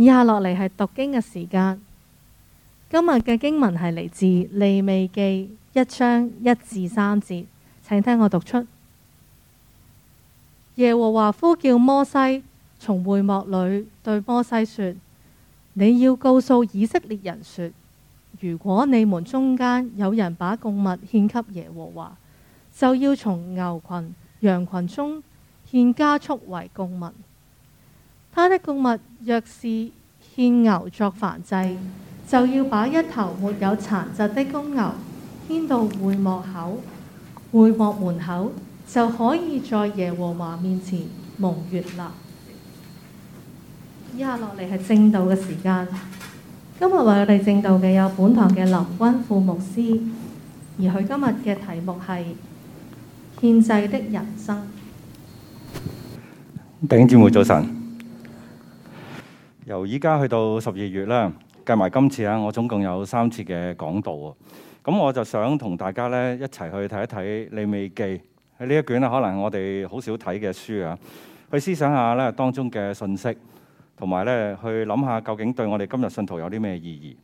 以下落嚟係讀經嘅時間。今日嘅經文係嚟自利未記一章一至三節，請聽我讀出。耶和華呼叫摩西，從會幕裏對摩西說：你要告訴以色列人說，如果你們中間有人把供物獻給耶和華，就要從牛群、羊群中獻家畜為供物。他的供物若是獻牛作燔祭，就要把一頭沒有殘疾的公牛牽到會幕口，會幕門口就可以在耶和華面前蒙悅納。以下落嚟係正道嘅時間。今日為我哋正道嘅有本堂嘅林君富牧師，而佢今日嘅題目係獻祭的人生。弟兄姊妹，早晨。由依家去到十二月啦，計埋今次啊，我總共有三次嘅講道啊。咁我就想同大家咧一齊去睇一睇《利未記》呢一卷啊，可能我哋好少睇嘅書啊，去思想下咧當中嘅信息，同埋咧去諗下究竟對我哋今日信徒有啲咩意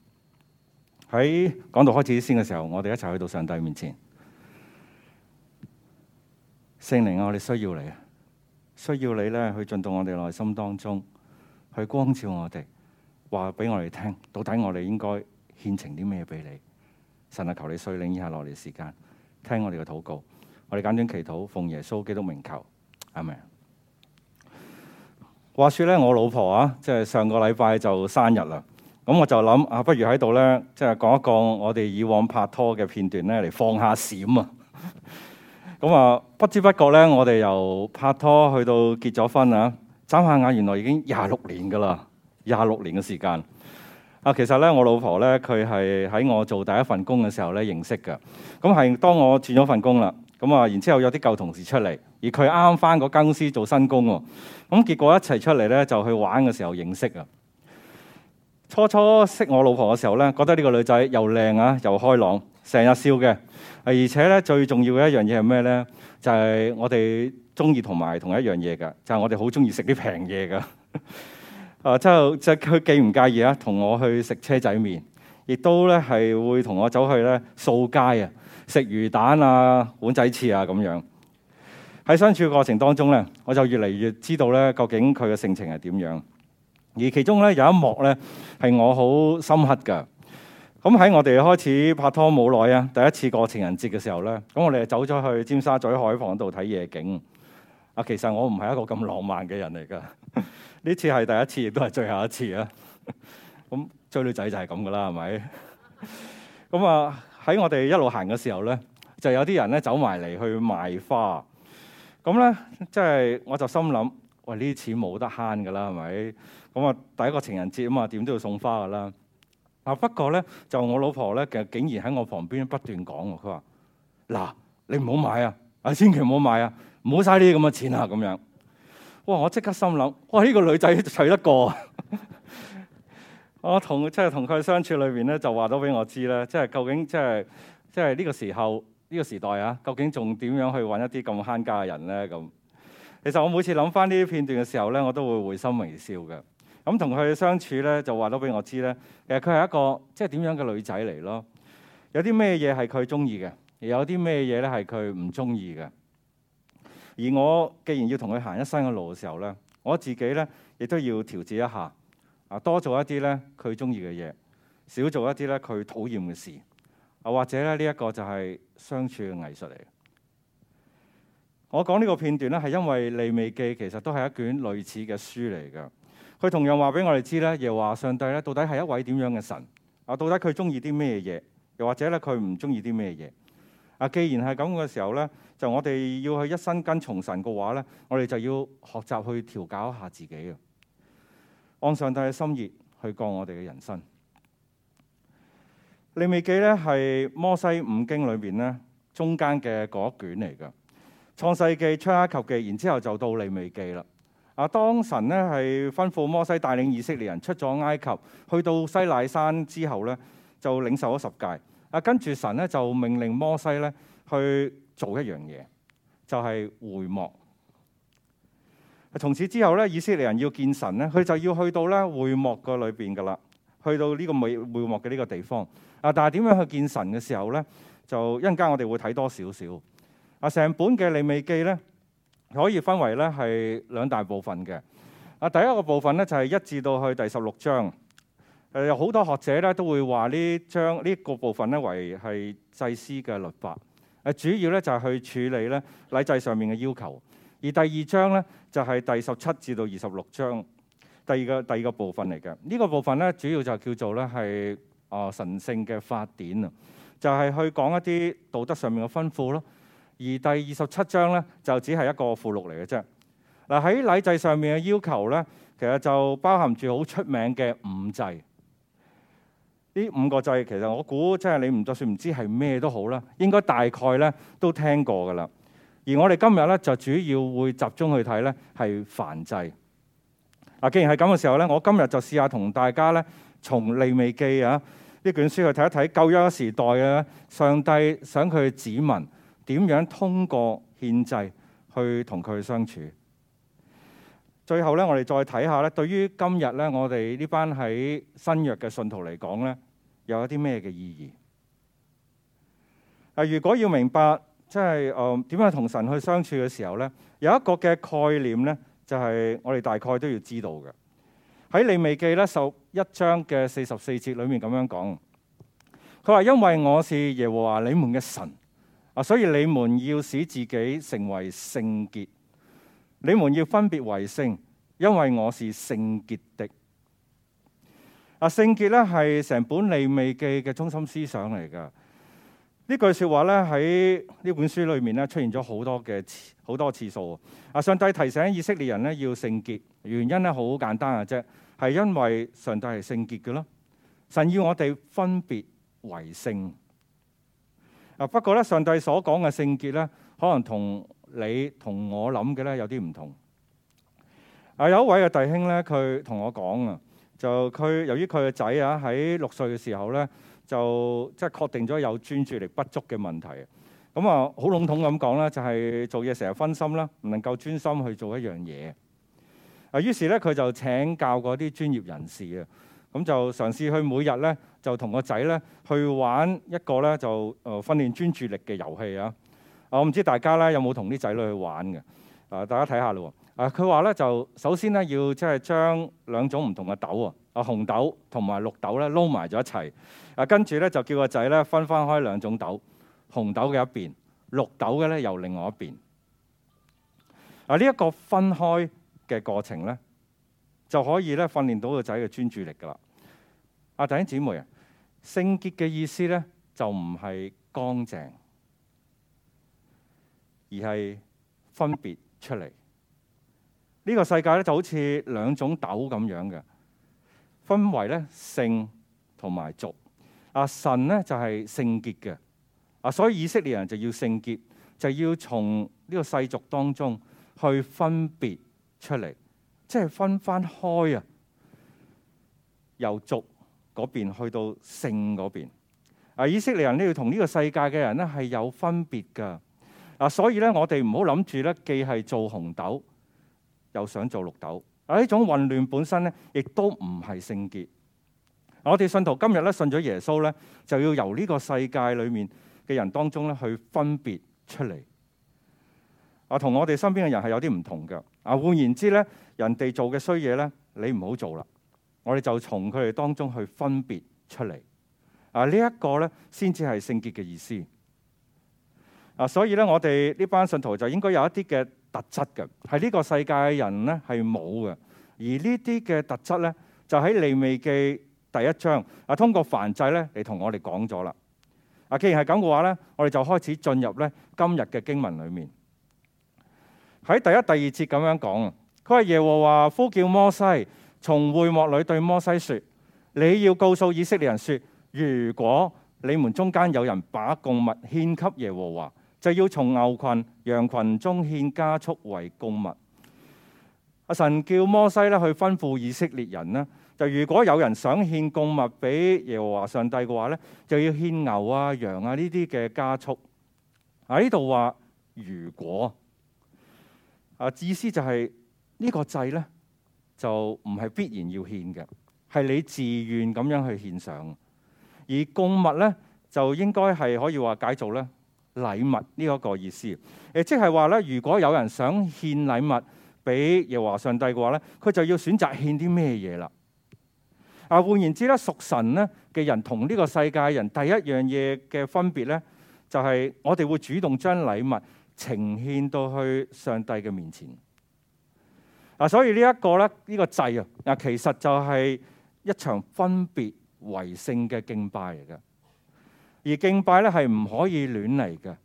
義。喺講道開始先嘅時候，我哋一齊去到上帝面前，聖靈啊，我哋需要你啊，需要你咧去進到我哋內心當中。佢光照我哋，話俾我哋聽，到底我哋應該獻呈啲咩嘢俾你？神啊，求你垂臨以下落嚟時間，聽我哋嘅禱告。我哋簡短祈禱，奉耶穌基督名求，阿門。話說咧，我老婆啊，即係上個禮拜就生日啦。咁我就諗啊，不如喺度咧，即係講一講我哋以往拍拖嘅片段咧，嚟放下閃啊。咁啊，不知不覺咧，我哋由拍拖去到結咗婚啊。眨下眼，原來已經廿六年噶啦，廿六年嘅時間啊！其實咧，我老婆咧，佢係喺我做第一份工嘅時候咧認識嘅。咁係當我轉咗份工啦，咁啊，然之後有啲舊同事出嚟，而佢啱啱返嗰間公司做新工喎。咁結果一齊出嚟咧，就去玩嘅時候認識啊。初初識我老婆嘅時候咧，覺得呢個女仔又靚啊，又開朗，成日笑嘅。而且咧，最重要嘅一樣嘢係咩咧？就係、是、我哋中意同埋同一樣嘢㗎，就係、是、我哋好中意食啲平嘢㗎。啊！ 即係即係佢既唔介意啊，同我去食車仔麵，亦都咧係會同我走去咧掃街啊，食魚蛋啊、碗仔翅啊咁樣。喺相處嘅過程當中咧，我就越嚟越知道咧，究竟佢嘅性情係點樣。而其中咧有一幕咧，係我好深刻㗎。咁喺我哋開始拍拖冇耐啊，第一次過情人節嘅時候咧，咁我哋就走咗去尖沙咀海旁度睇夜景。啊，其實我唔係一個咁浪漫嘅人嚟噶，呢 次係第一次，亦都係最後一次啊。咁 追女仔就係咁噶啦，係咪？咁啊，喺我哋一路行嘅時候咧，就有啲人咧走埋嚟去賣花。咁咧，即係我就心諗，喂呢啲錢冇得慳噶啦，係咪？咁啊，第一個情人節啊嘛，點都要送花噶啦。嗱，不過咧就我老婆咧，其實竟然喺我旁邊不斷講喎。佢話：嗱，你唔好買啊，啊，千祈唔好買啊，唔好嘥呢啲咁嘅錢啊。咁樣，哇！我即刻心諗：哇！呢個女仔娶得過啊！ 我同即係同佢相處裏邊咧，就話到俾我知啦，即係究竟即係即係呢個時候呢個時代啊，究竟仲點樣去搵一啲咁慳家嘅人咧？咁其實我每次諗翻呢啲片段嘅時候咧，我都會會心微笑嘅。咁同佢相處咧，就話咗俾我知咧。其實佢係一個即係點樣嘅女仔嚟咯？有啲咩嘢係佢中意嘅，有啲咩嘢咧係佢唔中意嘅。而我既然要同佢行一生嘅路嘅時候咧，我自己咧亦都要調節一下啊，多做一啲咧佢中意嘅嘢，少做一啲咧佢討厭嘅事啊。或者咧呢一個就係相處嘅藝術嚟。我講呢個片段咧，係因為《利未記》其實都係一卷類似嘅書嚟嘅。佢同樣話俾我哋知咧，又話上帝咧到底係一位點樣嘅神啊？到底佢中意啲咩嘢？又或者咧佢唔中意啲咩嘢？啊，既然係咁嘅時候咧，就我哋要去一生跟從神嘅話咧，我哋就要學習去調教一下自己啊，按上帝嘅心意去過我哋嘅人生。利未記咧係摩西五經裏面咧中間嘅嗰一卷嚟嘅，創世記、出埃及記，然之後就到利未記啦。啊！當神咧係吩咐摩西帶領以色列人出咗埃及，去到西奈山之後咧，就領受咗十戒。啊，跟住神咧就命令摩西咧去做一樣嘢，就係會幕。從此之後咧，以色列人要見神咧，佢就要去到咧會幕嘅裏邊噶啦，去到呢、這個美會幕嘅呢個地方。啊，但係點樣去見神嘅時候咧，就一陣間我哋會睇多少少。啊，成本嘅利未記咧。可以分為咧係兩大部分嘅。啊，第一個部分咧就係一至到去第十六章，誒有好多學者咧都會話呢章呢個部分咧為係祭司嘅律法，誒主要咧就係去處理咧禮祭上面嘅要求。而第二章咧就係第十七至到二十六章，第二個第二個部分嚟嘅。呢個部分咧主要就叫做咧係啊神聖嘅法典啊，就係去講一啲道德上面嘅吩咐咯。而第二十七章呢，就只係一個附錄嚟嘅啫。嗱，喺禮制上面嘅要求呢，其實就包含住好出名嘅五祭。呢五個祭其實我估即係你唔就算唔知係咩都好啦，應該大概呢都聽過噶啦。而我哋今日呢，就主要會集中去睇呢係燔祭。嗱，既然係咁嘅時候呢，我今日就試下同大家呢從利未記啊呢卷書去睇一睇舊約時代嘅上帝想佢子民點樣通過獻祭去同佢相處？最後呢，我哋再睇下呢，對於今日呢，我哋呢班喺新約嘅信徒嚟講呢，有一啲咩嘅意義？嗱，如果要明白，即係誒點樣同神去相處嘅時候呢，有一個嘅概念呢，就係、是、我哋大概都要知道嘅。喺利未記呢十一章嘅四十四節裏面咁樣講，佢話因為我是耶和華你們嘅神。啊！所以你們要使自己成為聖潔，你們要分別為聖，因為我是聖潔的。啊！聖潔呢係成本利未記嘅中心思想嚟㗎。呢句説話呢喺呢本書裏面呢出現咗好多嘅好多次數。啊！上帝提醒以色列人呢要聖潔，原因呢好簡單嘅啫，係因為上帝係聖潔嘅咯。神要我哋分別為聖。不過咧，上帝所講嘅聖潔咧，可能同你同我諗嘅咧有啲唔同。啊，有一位嘅弟兄咧，佢同我講啊，就佢由於佢嘅仔啊喺六歲嘅時候咧，就即係確定咗有專注力不足嘅問題。咁啊，好籠統咁講咧，就係做嘢成日分心啦，唔能夠專心去做一樣嘢。啊，於是咧佢就請教過啲專業人士啊，咁就嘗試去每日咧。就同個仔咧去玩一個咧就誒訓練專注力嘅遊戲啊！我唔知大家咧有冇同啲仔女去玩嘅？啊，大家睇下咯。啊，佢話咧就首先咧要即係將兩種唔同嘅豆啊紅豆同埋綠豆咧撈埋咗一齊啊，跟住咧就叫個仔咧分翻開兩種豆，紅豆嘅一邊，綠豆嘅咧又另外一邊。啊，呢一,一個分開嘅過程咧就可以咧訓練到個仔嘅專注力噶啦！啊，弟兄姊妹啊！聖潔嘅意思呢，就唔係乾淨，而係分別出嚟。呢個世界呢，就好似兩種豆咁樣嘅，分為呢聖同埋俗。啊，神呢，就係聖潔嘅，啊，所以以色列人就要聖潔，就要從呢個世俗當中去分別出嚟，即係分翻開啊，由俗。嗰邊去到聖嗰邊啊，以色列人呢，要同呢個世界嘅人呢係有分別噶啊，所以呢，我哋唔好諗住呢，既係做紅豆又想做綠豆啊，呢種混亂本身呢，亦都唔係聖潔。我哋信徒今日呢，信咗耶穌呢，就要由呢個世界裏面嘅人當中呢去分別出嚟啊，我同我哋身邊嘅人係有啲唔同嘅啊。換言之呢，人哋做嘅衰嘢呢，你唔好做啦。我哋就從佢哋當中去分別出嚟，啊呢一個咧先至係聖潔嘅意思。啊，所以呢，我哋呢班信徒就應該有一啲嘅特質嘅，係呢個世界嘅人呢，係冇嘅。而呢啲嘅特質呢，就喺利未記第一章啊，通過燔祭咧嚟同我哋講咗啦。啊，既然係咁嘅話呢，我哋就開始進入咧今日嘅經文裏面。喺第一、第二節咁樣講啊，佢話耶和華呼叫摩西。從會幕裏對摩西說：你要告訴以色列人說，如果你們中間有人把供物獻給耶和華，就要從牛群、羊群中獻家畜為供物。阿神叫摩西咧去吩咐以色列人咧，就如果有人想獻供物俾耶和華上帝嘅話咧，就要獻牛啊、羊啊呢啲嘅家畜。喺度話如果啊，意思就係、是、呢、呢個掣呢。就唔係必然要獻嘅，係你自願咁樣去獻上。而供物呢，就應該係可以話解做呢禮物呢一個意思。即係話呢，如果有人想獻禮物俾耶和華上帝嘅話呢，佢就要選擇獻啲咩嘢啦？啊，換言之呢，屬神呢嘅人同呢個世界人第一樣嘢嘅分別呢，就係我哋會主動將禮物呈獻到去上帝嘅面前。嗱，所以呢、這、一個咧，呢、這個祭啊，嗱，其實就係一場分別為聖嘅敬拜嚟嘅。而敬拜呢係唔可以亂嚟嘅。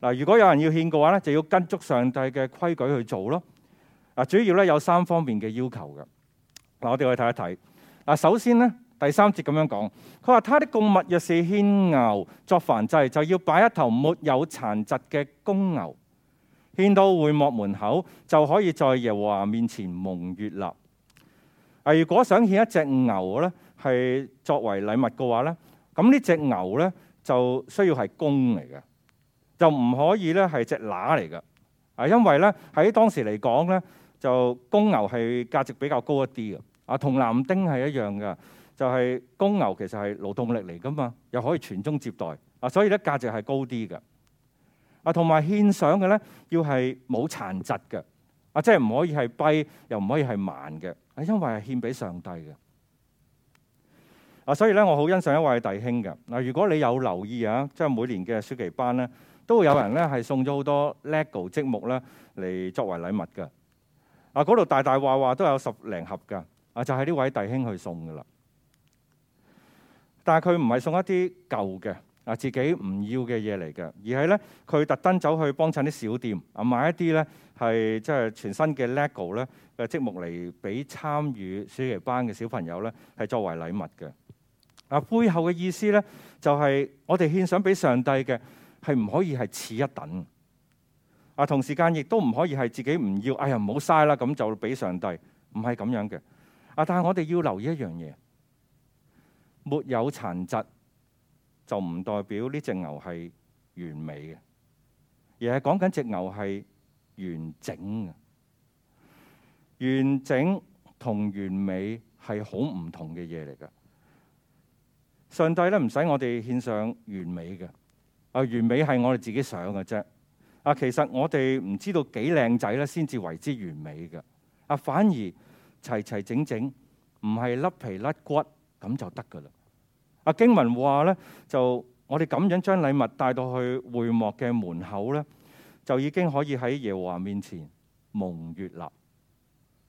嗱，如果有人要獻嘅話呢，就要跟足上帝嘅規矩去做咯。嗱，主要呢有三方面嘅要求嘅。嗱，我哋去睇一睇。嗱，首先呢，第三節咁樣講，佢話：他的供物若是牽牛作燔祭，就要擺一頭沒有殘疾嘅公牛。獻到會幕門口就可以在耶和華面前蒙悅納。啊，如果想獻一隻牛咧，係作為禮物嘅話咧，咁呢隻牛咧就需要係公嚟嘅，就唔可以咧係隻乸嚟嘅。啊，因為咧喺當時嚟講咧，就公牛係價值比較高一啲嘅。啊，同男丁係一樣嘅，就係公牛其實係勞動力嚟㗎嘛，又可以傳宗接代。啊，所以咧價值係高啲嘅。啊，同埋獻上嘅呢，要係冇殘疾嘅，啊，即係唔可以係跛，又唔可以係慢嘅，因為係獻俾上帝嘅。啊，所以呢，我好欣賞一位弟兄嘅。嗱，如果你有留意啊，即係每年嘅暑期班呢，都會有人呢係送咗好多 Lego 積木呢嚟作為禮物㗎。啊，嗰度大大話話都有十零盒㗎。啊，就係呢位弟兄去送㗎啦。但係佢唔係送一啲舊嘅。啊，自己唔要嘅嘢嚟嘅，而係呢，佢特登走去幫襯啲小店啊，買一啲呢係即係全新嘅 Lego 呢，嘅積木嚟俾參與暑期班嘅小朋友呢係作為禮物嘅。啊，背後嘅意思呢，就係我哋獻上俾上帝嘅係唔可以係次一等。啊，同時間亦都唔可以係自己唔要，哎呀唔好嘥啦，咁就俾上帝，唔係咁樣嘅。啊，但係我哋要留意一樣嘢，沒有殘疾。就唔代表呢隻牛係完美嘅，而係講緊隻牛係完整嘅。完整同完美係好唔同嘅嘢嚟嘅。上帝呢唔使我哋獻上完美嘅，啊，完美係我哋自己想嘅啫。啊，其實我哋唔知道幾靚仔呢先至為之完美嘅。啊，反而齊齊整整，唔係甩皮甩骨咁就得㗎啦。阿經文話咧，就我哋咁樣將禮物帶到去會幕嘅門口呢，就已經可以喺耶和華面前蒙悅啦。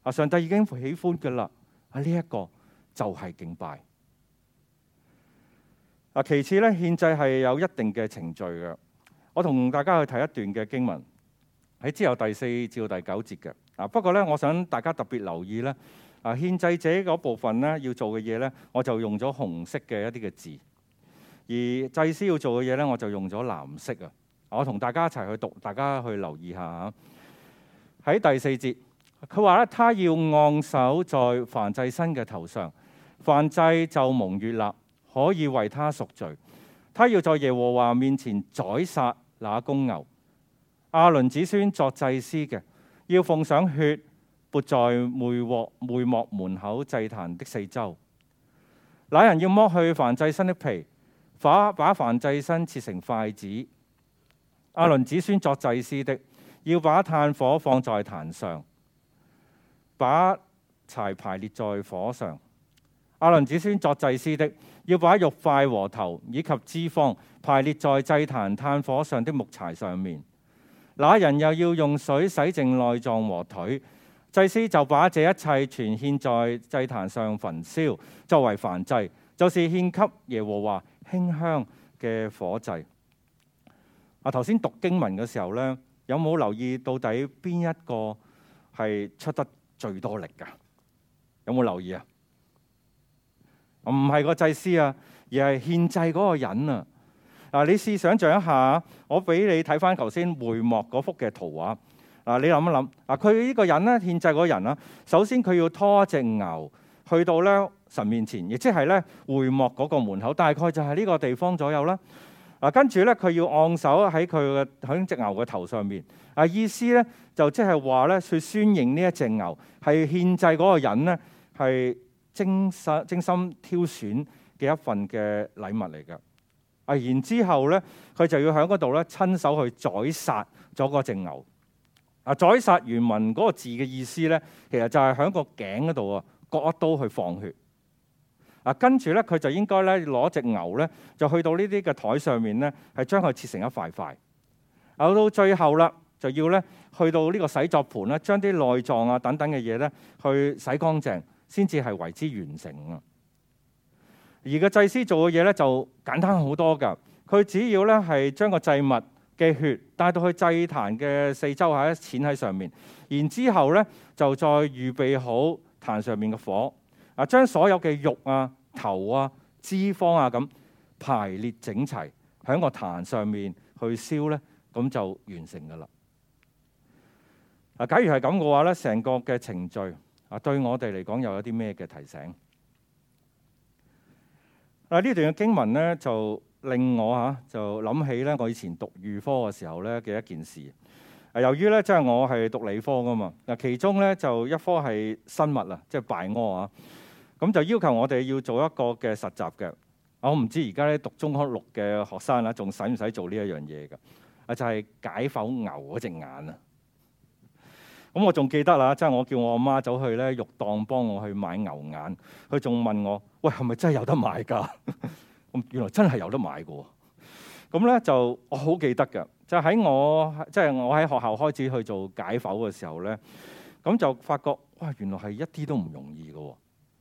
啊，上帝已經喜歡嘅啦。啊，呢一個就係敬拜。啊，其次呢，獻祭係有一定嘅程序嘅。我同大家去睇一段嘅經文，喺之後第四至到第九節嘅。啊，不過呢，我想大家特別留意呢。啊，獻祭者嗰部分呢，要做嘅嘢呢，我就用咗紅色嘅一啲嘅字；而祭司要做嘅嘢呢，我就用咗藍色啊。我同大家一齊去讀，大家去留意下。喺第四節，佢話呢，「他要按手在燔祭牲嘅頭上，燔祭就蒙悅納，可以為他贖罪。他要在耶和華面前宰殺那公牛，亞倫子孫作祭司嘅，要奉上血。撥在會幕會幕門口祭壇的四周。那人要剝去燔祭身的皮，把把燔祭身切成塊子。阿倫子孫作祭司的，要把炭火放在壇上，把柴排列在火上。阿倫子孫作祭司的，要把肉塊和頭以及脂肪排列在祭壇炭火上的木柴上面。那人又要用水洗淨內臟和腿。祭司就把這一切全獻在祭壇上焚燒，作為燔祭，就是獻給耶和華馨香嘅火祭。啊，頭先讀經文嘅時候呢，有冇留意到底邊一個係出得最多力㗎？有冇留意啊？唔係個祭司啊，而係獻祭嗰個人啊。啊，你試想象一下，我俾你睇翻頭先會幕嗰幅嘅圖畫。嗱，你諗一諗，嗱佢呢個人咧獻祭嗰人啦，首先佢要拖隻牛去到咧神面前，亦即係咧會幕嗰個門口，大概就係呢個地方左右啦。嗱，跟住咧佢要按手喺佢嘅喺隻牛嘅頭上面，啊意思咧就即係話咧去宣認呢一隻牛係獻祭嗰個人咧係精細精心挑選嘅一份嘅禮物嚟㗎。啊，然之後咧佢就要喺嗰度咧親手去宰殺咗嗰隻牛。啊！宰殺原文嗰個字嘅意思呢，其實就係喺個頸嗰度啊，割一刀去放血。啊，跟住呢，佢就應該呢，攞隻牛呢，就去到呢啲嘅枱上面呢，係將佢切成一塊塊。牛到最後啦，就要呢，去到呢個洗濯盤咧，將啲內臟啊等等嘅嘢呢，去洗乾淨，先至係為之完成啊。而個祭司做嘅嘢呢，就簡單好多㗎。佢只要呢，係將個祭物，嘅血帶到去祭壇嘅四周下，濺喺上面，然之後呢，就再預備好壇上面嘅火啊，將所有嘅肉啊、頭啊、脂肪啊咁排列整齊喺個壇上面去燒呢，咁就完成㗎喇。啊，假如係咁嘅話呢，成個嘅程序啊，對我哋嚟講又有啲咩嘅提醒？啊，呢段嘅經文呢就。令我嚇就諗起咧，我以前讀預科嘅時候咧嘅一件事。由於咧即係我係讀理科噶嘛，嗱其中咧就一科係生物啊，即係拜屙啊。咁就要求我哋要做一個嘅實習嘅。我唔知而家咧讀中學六嘅學生啦，仲使唔使做呢一樣嘢噶？啊就係解剖牛嗰隻眼啊。咁我仲記得啦，即係我叫我阿媽走去咧肉檔幫我去買牛眼，佢仲問我：喂，係咪真係有得買㗎？原來真係有得買嘅，咁咧就我好記得嘅，就喺、是、我即係、就是、我喺學校開始去做解剖嘅時候咧，咁就發覺哇原來係一啲都唔容易嘅，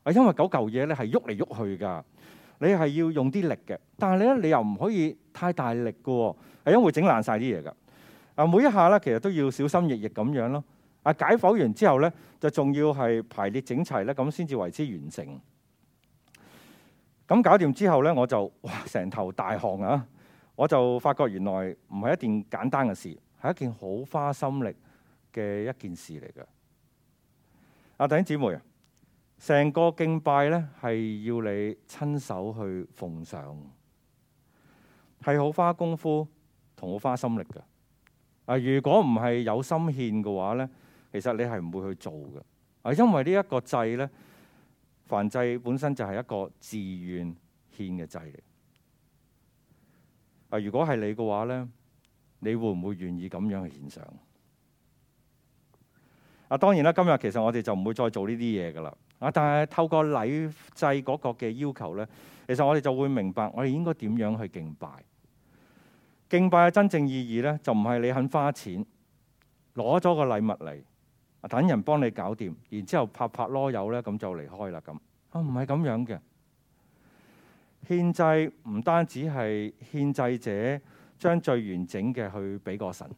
係因為九嚿嘢咧係喐嚟喐去㗎，你係要用啲力嘅，但係咧你，你又唔可以太大力嘅，係因為整爛晒啲嘢㗎。啊每一下咧其實都要小心翼翼咁樣咯。啊解剖完之後咧就仲要係排列整齊咧，咁先至為之完成。咁搞掂之後呢，我就哇成頭大汗啊！我就發覺原來唔係一件簡單嘅事，係一件好花心力嘅一件事嚟嘅。啊，弟兄姊妹啊，成個敬拜呢係要你親手去奉上，係好花功夫同好花心力嘅。啊，如果唔係有心獻嘅話呢，其實你係唔會去做嘅啊，因為呢一個祭呢。凡祭本身就係一個自願獻嘅祭嚟。啊，如果係你嘅話呢，你會唔會願意咁樣去獻上？啊，當然啦，今日其實我哋就唔會再做呢啲嘢噶啦。啊，但係透過禮祭嗰個嘅要求呢，其實我哋就會明白我哋應該點樣去敬拜。敬拜嘅真正意義呢，就唔係你肯花錢攞咗個禮物嚟。等人幫你搞掂，然之後拍拍囉柚呢，咁就離開啦。咁啊，唔係咁樣嘅。獻祭唔單止係獻祭者將最完整嘅去俾個神，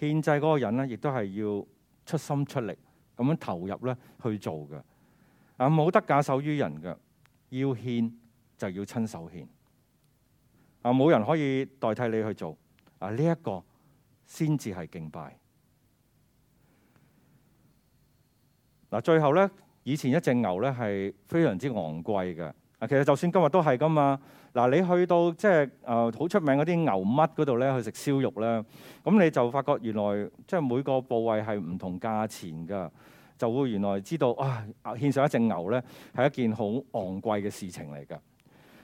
獻祭嗰個人呢亦都係要出心出力咁樣投入呢去做嘅。啊，冇得假手於人嘅，要獻就要親手獻。啊，冇人可以代替你去做。啊，呢一個先至係敬拜。嗱，最後咧，以前一隻牛咧係非常之昂貴嘅。啊，其實就算今日都係㗎嘛。嗱，你去到即係啊，呃、好出名嗰啲牛乜嗰度咧去食燒肉咧，咁你就發覺原來即係、就是、每個部位係唔同價錢㗎，就會原來知道啊，獻上一隻牛咧係一件好昂貴嘅事情嚟㗎。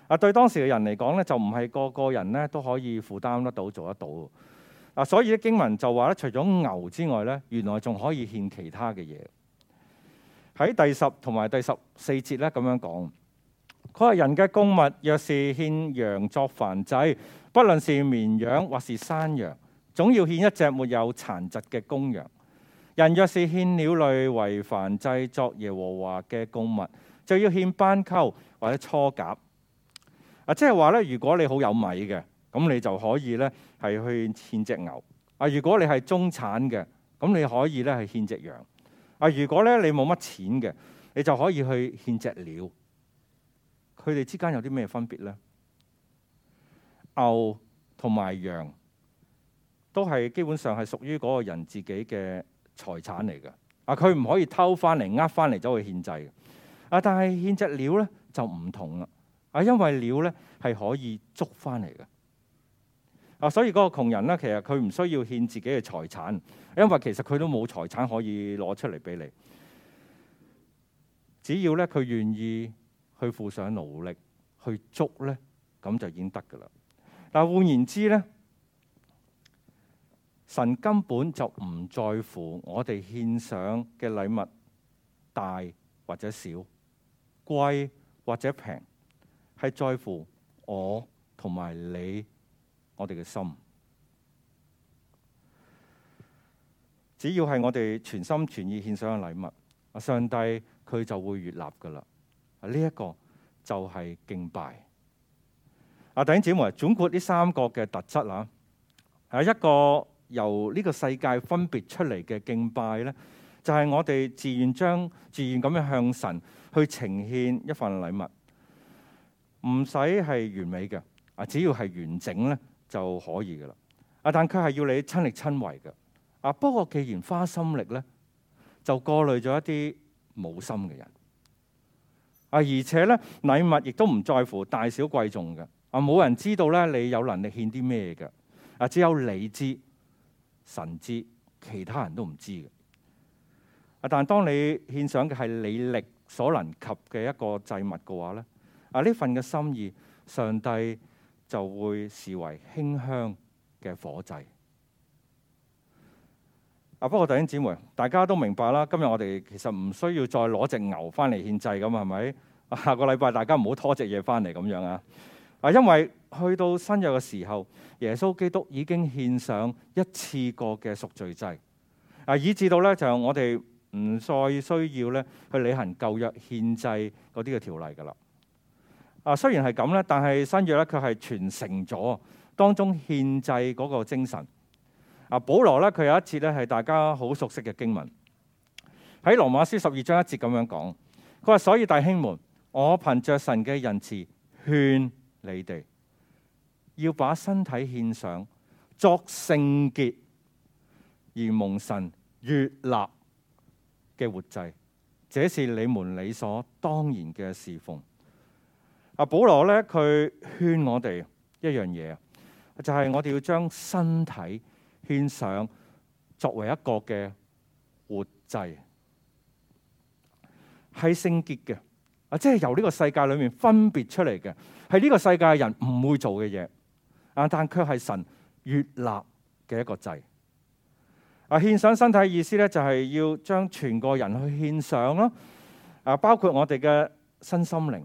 啊，對當時嘅人嚟講咧，就唔係個個人咧都可以負擔得到做得到。啊，所以咧經文就話咧，除咗牛之外咧，原來仲可以獻其他嘅嘢。喺第十同埋第十四節咧，咁樣講，佢話：人嘅供物若是獻羊作燔祭，不論是綿羊或是山羊，總要獻一隻沒有殘疾嘅公羊。人若是獻鳥類為燔祭作耶和華嘅供物，就要獻斑鳩或者初鴿。」啊，即係話呢，如果你好有米嘅，咁你就可以呢，係去獻隻牛。啊，如果你係中產嘅，咁你可以呢，係獻隻羊。啊！如果呢你冇乜錢嘅，你就可以去獻隻鳥。佢哋之間有啲咩分別呢？牛同埋羊都係基本上係屬於嗰個人自己嘅財產嚟嘅。啊，佢唔可以偷返嚟、呃返嚟走去獻祭嘅。啊，但係獻隻鳥呢，就唔同啦。啊，因為鳥呢係可以捉返嚟嘅。啊，所以嗰個窮人呢，其實佢唔需要獻自己嘅財產，因為其實佢都冇財產可以攞出嚟俾你。只要呢，佢願意去付上努力去捉呢，咁就已經得噶啦。但換言之呢，神根本就唔在乎我哋獻上嘅禮物大或者小，貴或者平，係在乎我同埋你。我哋嘅心，只要係我哋全心全意獻上嘅禮物，啊，上帝佢就會悦納噶啦。呢、這、一個就係敬拜。啊，弟兄姊妹，總括呢三個嘅特質啦，啊，一個由呢個世界分別出嚟嘅敬拜呢就係、是、我哋自願將自願咁樣向神去呈獻一份禮物，唔使係完美嘅，啊，只要係完整咧。就可以嘅啦。啊，但佢係要你親力親為嘅。啊，不過既然花心力呢，就過濾咗一啲冇心嘅人。啊，而且呢，禮物亦都唔在乎大小貴重嘅。啊，冇人知道呢，你有能力獻啲咩嘅。啊，只有你知，神知，其他人都唔知嘅。啊，但當你獻上嘅係你力所能及嘅一個祭物嘅話呢，啊呢份嘅心意，上帝，就會視為馨香嘅火祭。啊，不過弟兄姊妹，大家都明白啦。今日我哋其實唔需要再攞隻牛翻嚟獻祭咁，係咪？下個禮拜大家唔好拖隻嘢翻嚟咁樣啊。啊，因為去到新約嘅時候，耶穌基督已經獻上一次過嘅贖罪祭。啊，以至到呢，就我哋唔再需要呢去履行舊約獻祭嗰啲嘅條例㗎啦。啊，雖然係咁咧，但係新約咧佢係傳承咗當中獻祭嗰個精神。保羅咧佢有一節咧係大家好熟悉嘅經文，喺羅馬書十二章一節咁樣講，佢話：所以弟兄們，我憑着神嘅仁慈勸你哋，要把身體獻上作聖潔而蒙神悅納嘅活祭，這是你們理所當然嘅事奉。阿保羅咧，佢勸我哋一樣嘢，就係、是、我哋要將身體獻上，作為一個嘅活祭，係聖潔嘅，啊，即係由呢個世界裏面分別出嚟嘅，係呢個世界人唔會做嘅嘢，啊，但卻係神悅納嘅一個祭。啊，獻上身體意思呢，就係要將全個人去獻上咯，啊，包括我哋嘅身心靈。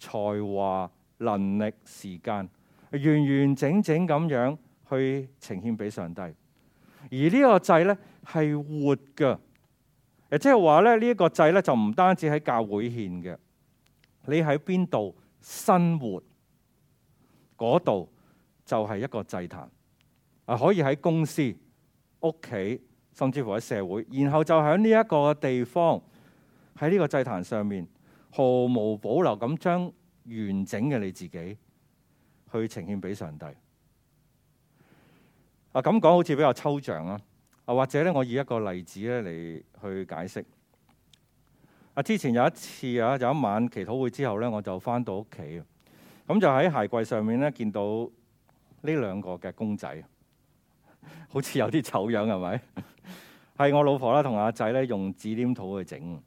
才華、能力、時間，完完整整咁樣去呈獻俾上帝而這這。而呢個祭呢，係活嘅，即係話咧，呢一個祭呢，就唔單止喺教會獻嘅，你喺邊度生活，嗰度就係一個祭壇，啊，可以喺公司、屋企，甚至乎喺社會，然後就喺呢一個地方喺呢個祭壇上面，毫無保留咁將完整嘅你自己去呈獻俾上帝。啊，咁講好似比較抽象啊。啊，或者呢，我以一個例子咧嚟去解釋。啊，之前有一次啊，有一晚祈禱會之後呢，我就返到屋企，咁就喺鞋櫃上面呢，見到呢兩個嘅公仔，好似有啲醜樣係咪？係 我老婆啦同阿仔呢，用紙黏土去整。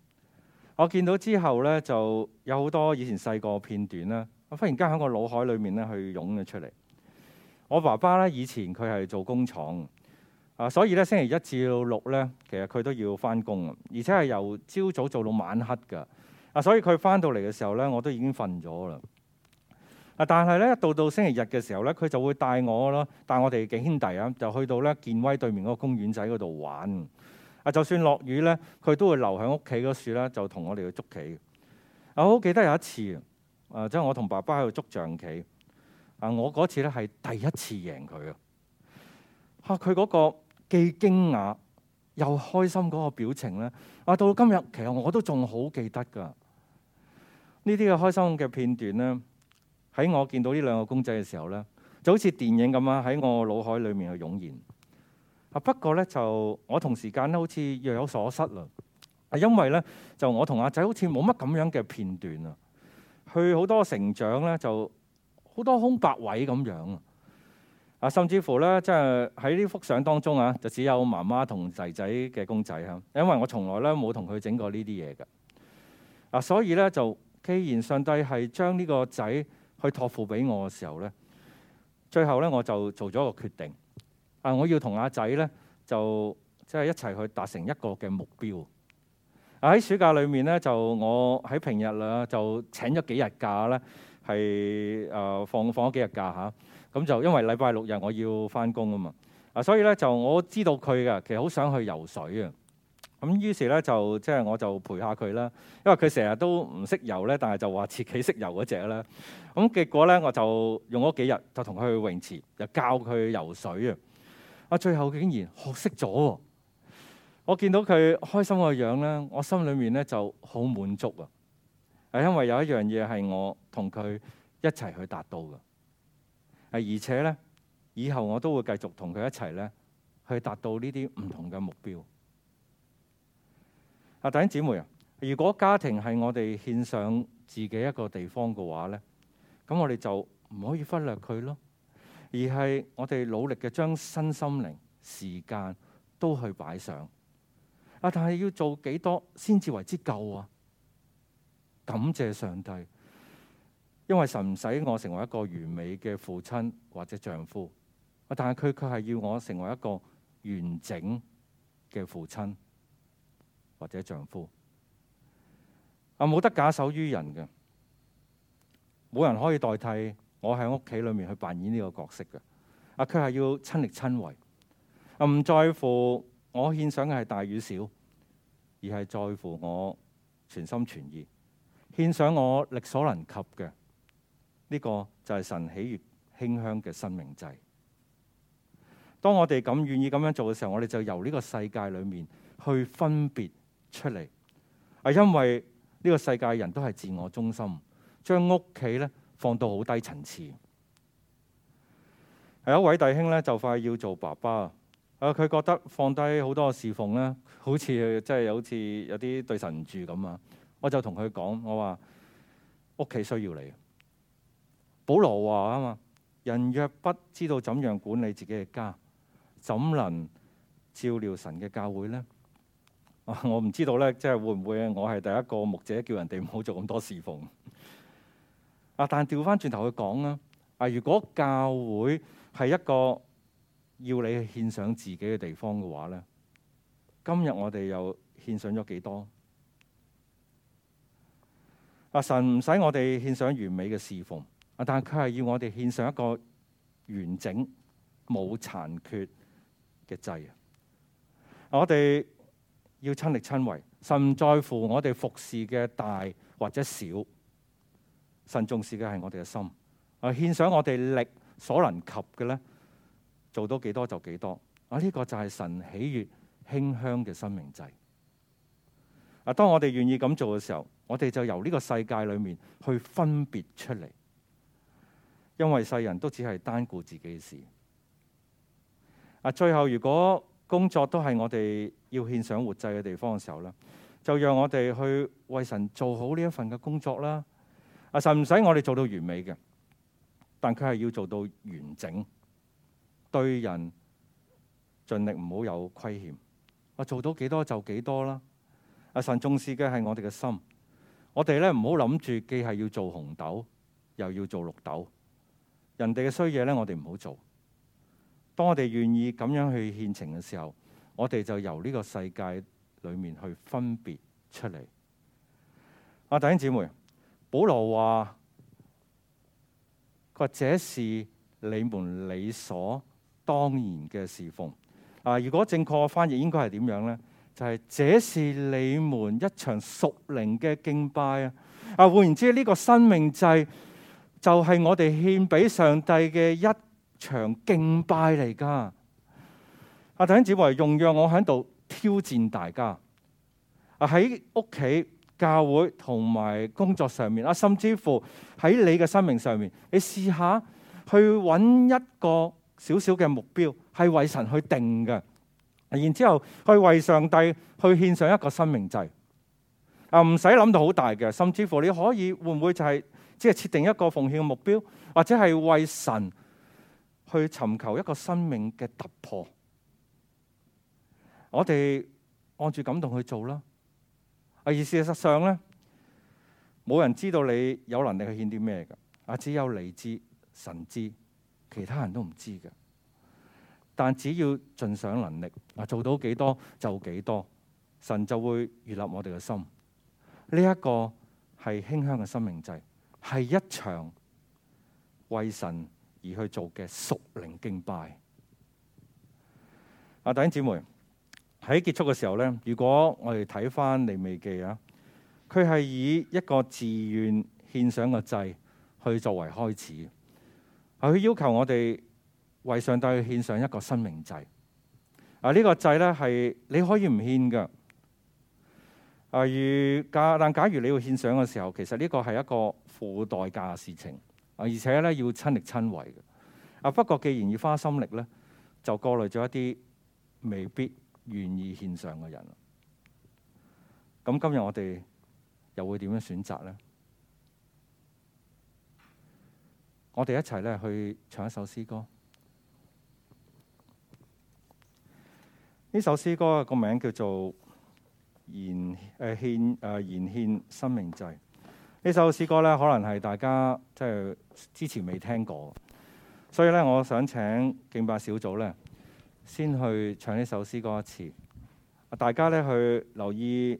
我見到之後呢，就有好多以前細個片段啦。我忽然間喺我腦海裡面咧去湧咗出嚟。我爸爸呢，以前佢係做工廠啊，所以呢，星期一至到六呢，其實佢都要返工，而且係由朝早做到晚黑噶啊。所以佢返到嚟嘅時候呢，我都已經瞓咗啦。但係呢，到到星期日嘅時候呢，佢就會帶我咯，帶我哋幾兄弟啊，就去到呢健威對面嗰個公園仔嗰度玩。啊，就算落雨呢，佢都會留喺屋企嗰樹咧，就同我哋去捉棋。我好記得有一次啊，即係我同爸爸喺度捉象棋。啊，我嗰次呢係第一次贏佢啊！嚇，佢嗰個既驚訝又開心嗰個表情呢，啊，到今日其實我都仲好記得㗎。呢啲嘅開心嘅片段呢，喺我見到呢兩個公仔嘅時候呢，就好似電影咁樣，喺我的腦海裡面嘅湧現。啊！不過咧，就我同時間咧，好似若有所失啦。啊，因為咧，就我同阿仔好似冇乜咁樣嘅片段啊。去好多成長咧，就好多空白位咁樣啊。甚至乎咧，即係喺呢幅相當中啊，就只有媽媽同仔仔嘅公仔嚇，因為我從來咧冇同佢整過呢啲嘢嘅。啊，所以咧就，既然上帝係將呢個仔去託付俾我嘅時候咧，最後咧我就做咗個決定。啊！我要同阿仔咧，就即係一齊去達成一個嘅目標。啊！喺暑假裏面咧，就我喺平日啦，就請咗幾日假咧，係誒放放咗幾日假嚇。咁就因為禮拜六日我要翻工啊嘛。啊，所以咧就我知道佢嘅，其實好想去游水啊。咁於是咧就即係我就陪下佢啦，因為佢成日都唔識游咧，但係就話自己識游嗰隻啦。咁結果咧我就用咗幾日，就同佢去泳池，就教佢游水啊。啊！最後竟然學識咗，我見到佢開心個樣咧，我心裏面咧就好滿足啊！係因為有一樣嘢係我同佢一齊去達到嘅，而且呢，以後我都會繼續同佢一齊咧去達到呢啲唔同嘅目標。啊，弟兄姊妹啊，如果家庭係我哋獻上自己一個地方嘅話呢，咁我哋就唔可以忽略佢咯。而係我哋努力嘅，將身心靈、時間都去擺上啊！但係要做幾多先至為之夠啊？感謝上帝，因為神唔使我成為一個完美嘅父親或者丈夫，但係佢卻係要我成為一個完整嘅父親或者丈夫。啊，冇得假手於人嘅，冇人可以代替。我喺屋企裏面去扮演呢個角色嘅，啊佢係要親力親為，唔在乎我獻上嘅係大與小，而係在乎我全心全意獻上我力所能及嘅，呢個就係神喜悅馨香嘅生命祭。當我哋咁願意咁樣做嘅時候，我哋就由呢個世界裏面去分別出嚟，係因為呢個世界人都係自我中心，將屋企呢。放到好低層次。有一位弟兄呢，就快要做爸爸，啊佢覺得放低好多侍奉呢，好似即係有好似有啲對神唔住咁啊！我就同佢講，我話屋企需要你。保羅話啊嘛，人若不知道怎樣管理自己嘅家，怎能照料神嘅教會呢？我唔知道呢，即係會唔會我係第一個牧者叫人哋唔好做咁多侍奉？但係調翻轉頭去講啦。啊，如果教會係一個要你獻上自己嘅地方嘅話呢，今日我哋又獻上咗幾多？啊，神唔使我哋獻上完美嘅侍奉啊，但係佢係要我哋獻上一個完整、冇殘缺嘅祭啊！我哋要親力親為，神在乎我哋服侍嘅大或者小。神重視嘅係我哋嘅心，啊，獻上我哋力所能及嘅咧，做到幾多就幾多。啊，呢個就係神喜悦馨香嘅生命祭。啊，當我哋願意咁做嘅時候，我哋就由呢個世界裏面去分別出嚟，因為世人都只係單顧自己嘅事。啊，最後如果工作都係我哋要獻上活祭嘅地方嘅時候咧，就讓我哋去為神做好呢一份嘅工作啦。啊！神唔使我哋做到完美嘅，但佢係要做到完整。對人盡力，唔好有虧欠。我做到幾多就幾多啦。啊！神重視嘅係我哋嘅心。我哋呢，唔好諗住既係要做紅豆，又要做綠豆。人哋嘅衰嘢呢，我哋唔好做。當我哋願意咁樣去獻情嘅時候，我哋就由呢個世界裏面去分別出嚟。啊！弟兄姊妹。保羅話：佢話，這是你們理所當然嘅侍奉。啊，如果正確嘅翻譯應該係點樣呢？就係、是、這是你們一場屬靈嘅敬拜啊！啊，換言之，呢、這個生命祭就係我哋獻俾上帝嘅一場敬拜嚟噶。阿、啊、弟兄姊妹，容讓我喺度挑戰大家。啊，喺屋企。教會同埋工作上面啊，甚至乎喺你嘅生命上面，你試下去揾一個少少嘅目標，係為神去定嘅，然之後去為上帝去獻上一個生命祭啊，唔使諗到好大嘅，甚至乎你可以會唔會就係即係設定一個奉獻嘅目標，或者係為神去尋求一個生命嘅突破，我哋按住感動去做啦。而事實上呢，冇人知道你有能力去獻啲咩嘅，啊只有你知，神知，其他人都唔知嘅。但只要盡上能力，啊做到幾多就幾多，神就會悅納我哋嘅心。呢一個係馨香嘅生命祭，係一場為神而去做嘅屬靈敬拜。啊弟兄姊妹。喺結束嘅時候呢，如果我哋睇翻《利未記》啊，佢係以一個自願獻上嘅祭去作為開始，係佢要求我哋為上帝去獻上一個生命祭啊。呢、這個祭呢，係你可以唔獻嘅啊。如假但假如你要獻上嘅時候，其實呢個係一個付代價嘅事情啊，而且呢要親力親為嘅，不過既然要花心力呢，就過濾咗一啲未必。願意獻上嘅人啦，咁今日我哋又會點樣選擇呢？我哋一齊呢去唱一首詩歌。呢首詩歌個名叫做《言誒獻誒言獻生命祭》。呢首詩歌呢，可能係大家即係之前未聽過，所以呢，我想請敬拜小組呢，先去唱呢首詩歌一次，大家呢去留意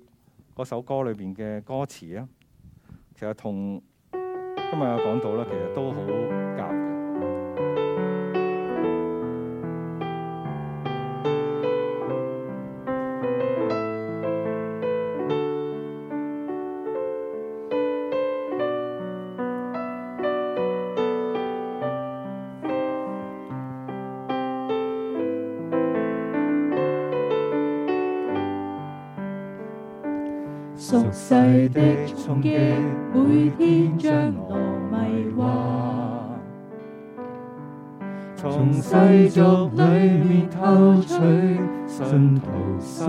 嗰首歌裏面嘅歌詞啊，其實同今日有講到啦，其實都好夾。世的衝擊，每天將我迷惑，從世俗裏面偷取信徒心，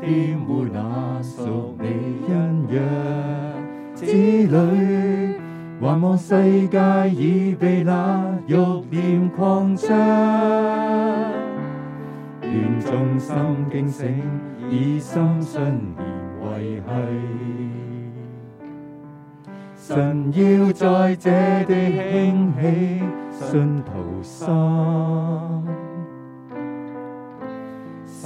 玷污那屬你恩約之女，還望世界已被那欲念擴張。願眾心驚醒，以心信而維繫。神要在這地興起信徒心，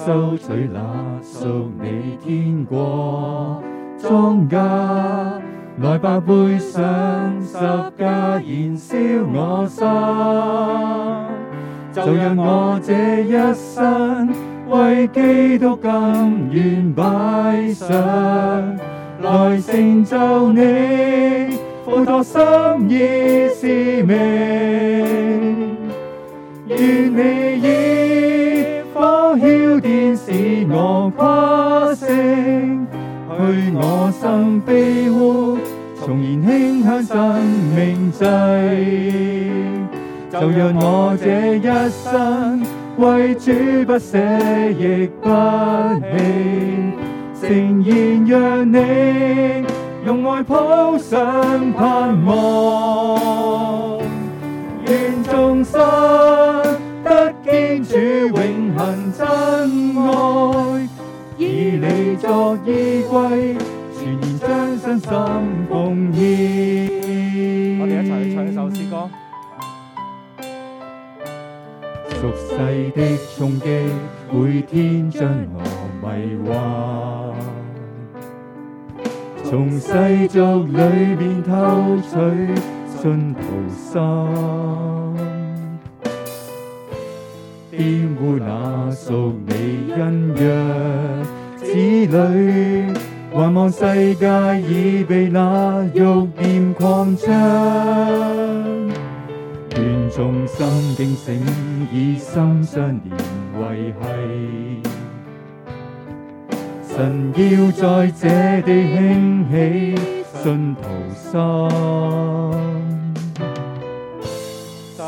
收取那屬你天國莊稼。來吧，背上十架，燃燒我心。就讓我這一生為基督甘願擺上，來成就你，付託心意使命。願你以火燒天，使我誇勝，去我心悲呼，重燃馨香生命祭。就讓我這一生為主不捨亦不棄，誠然讓你用愛鋪上盼望，願眾生得見主永恆真愛，以你作依歸，全然將身心奉獻。我哋一齊去唱首詩，詩歌。俗世的衝擊，每天將我迷幻。從世俗裏面偷取信徒心，玷污那屬你恩約子女。還望世界，已被那欲念擴張。願眾生驚醒，以心相連為繫。神要在這地興起信徒心，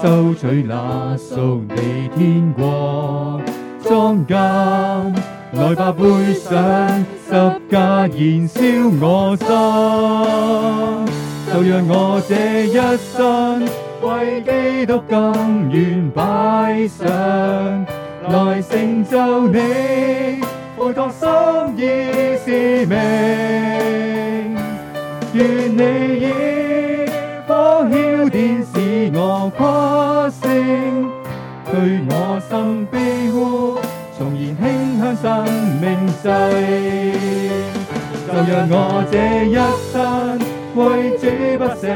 收取那屬地天國莊稼。來吧，背上十架，燃燒我心，就讓我這一生。為基督甘願擺上，來成就你付託心意使命。願你以火澆奠，使我誇勝，對我心庇護，重現馨香生命際。就讓我這一生。為主不捨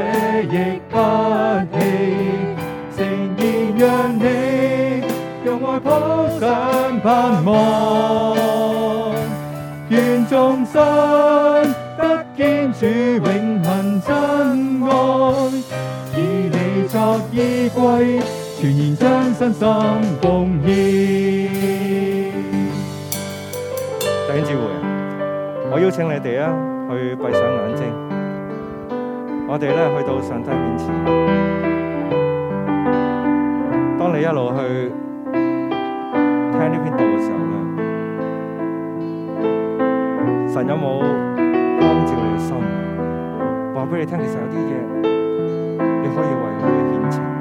亦不棄，誠然讓你用愛鋪上盼望，願眾生得見主永恒真愛，以你作依歸，全然將身心奉獻。弟兄姊妹，我邀請你哋啊，去閉上眼睛。我哋呢去到上帝面前，當你一路去聽呢篇道嘅時候呢，神有冇光照你嘅心？話俾你聽，其實有啲嘢你可以為佢獻情。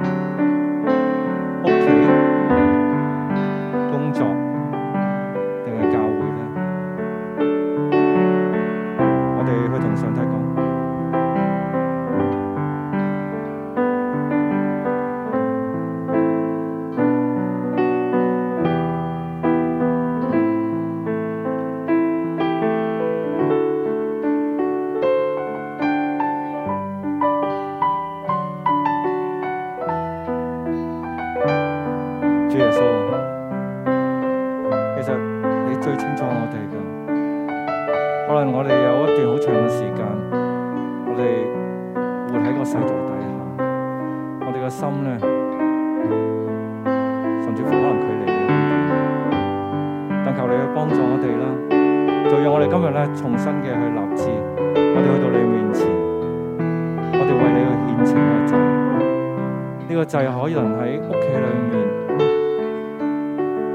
祭可能喺屋企裏面，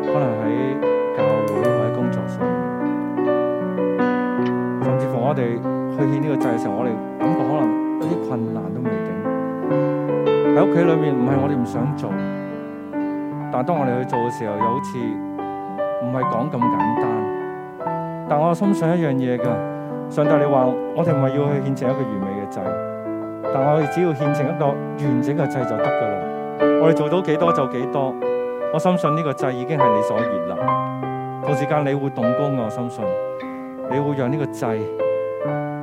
可能喺教會或者工作上，甚至乎我哋去獻呢個祭嘅時候，我哋感覺可能有啲困難都未定。喺屋企裏面唔係我哋唔想做，但係當我哋去做嘅時候，又好似唔係講咁簡單。但我心想一樣嘢㗎，上帝你話我哋唔係要去獻呈一個完美嘅祭，但我哋只要獻呈一個完整嘅祭就得㗎啦。我哋做到幾多就幾多，我相信呢個祭已經係你所悅納。到時間你會動工。我相信你會讓呢個祭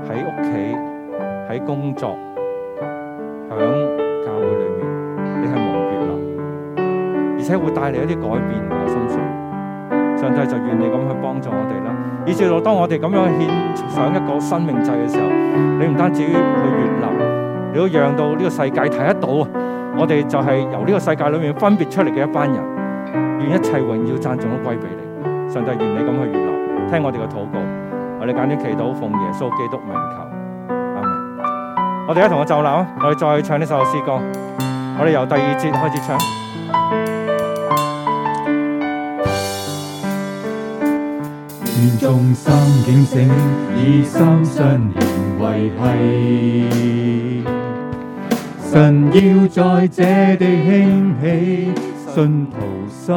喺屋企、喺工作、響教會裏面，你係蒙悅納，而且會帶嚟一啲改變。我相信，上帝就願你咁去幫助我哋啦。以至到當我哋咁樣獻上一個生命祭嘅時候，你唔單止去悅納，你都讓到呢個世界睇得到。我哋就係由呢個世界裏面分別出嚟嘅一班人，願一切榮耀讚頌都歸俾你，上帝願你咁去娛樂，聽我哋嘅禱告，我哋簡單祈禱奉耶穌基督名求，阿們。我哋而家同我奏立啊，我哋再唱呢首詩歌，我哋由第二節開始唱。願眾生警醒，以心身連為係。神要在這地興起信徒心，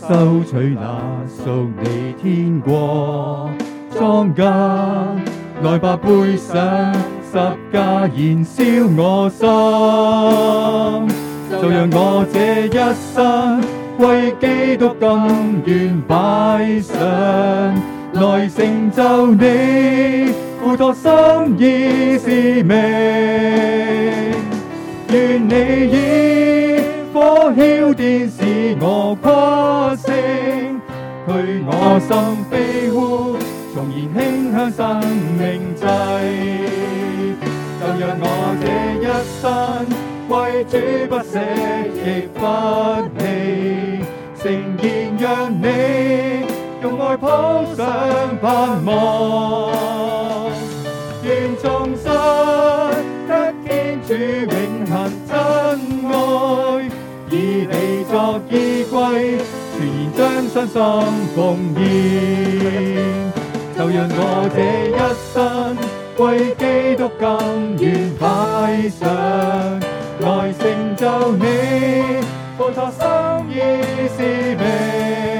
收取那屬你天國莊稼，來吧，背上十架，燃燒我心，就讓我這一生為基督甘願擺上，來成就你。付託心意是命，願你以火燒電使我跨星，據我心卑污，從而馨香生命際。就讓我這一生為主，不捨亦不棄，仍然讓你用愛鋪上盼望。眾生得天主永恆真愛，以你作依歸，全然將身心奉獻。就讓我這一生為基督甘願擺上，來成就你，奉託心意使命。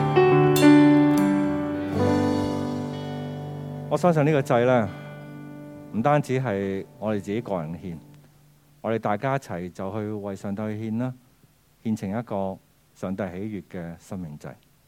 相信呢個祭呢，唔單止係我哋自己個人獻，我哋大家一齊就去為上帝獻啦，獻成一個上帝喜悅嘅生命祭。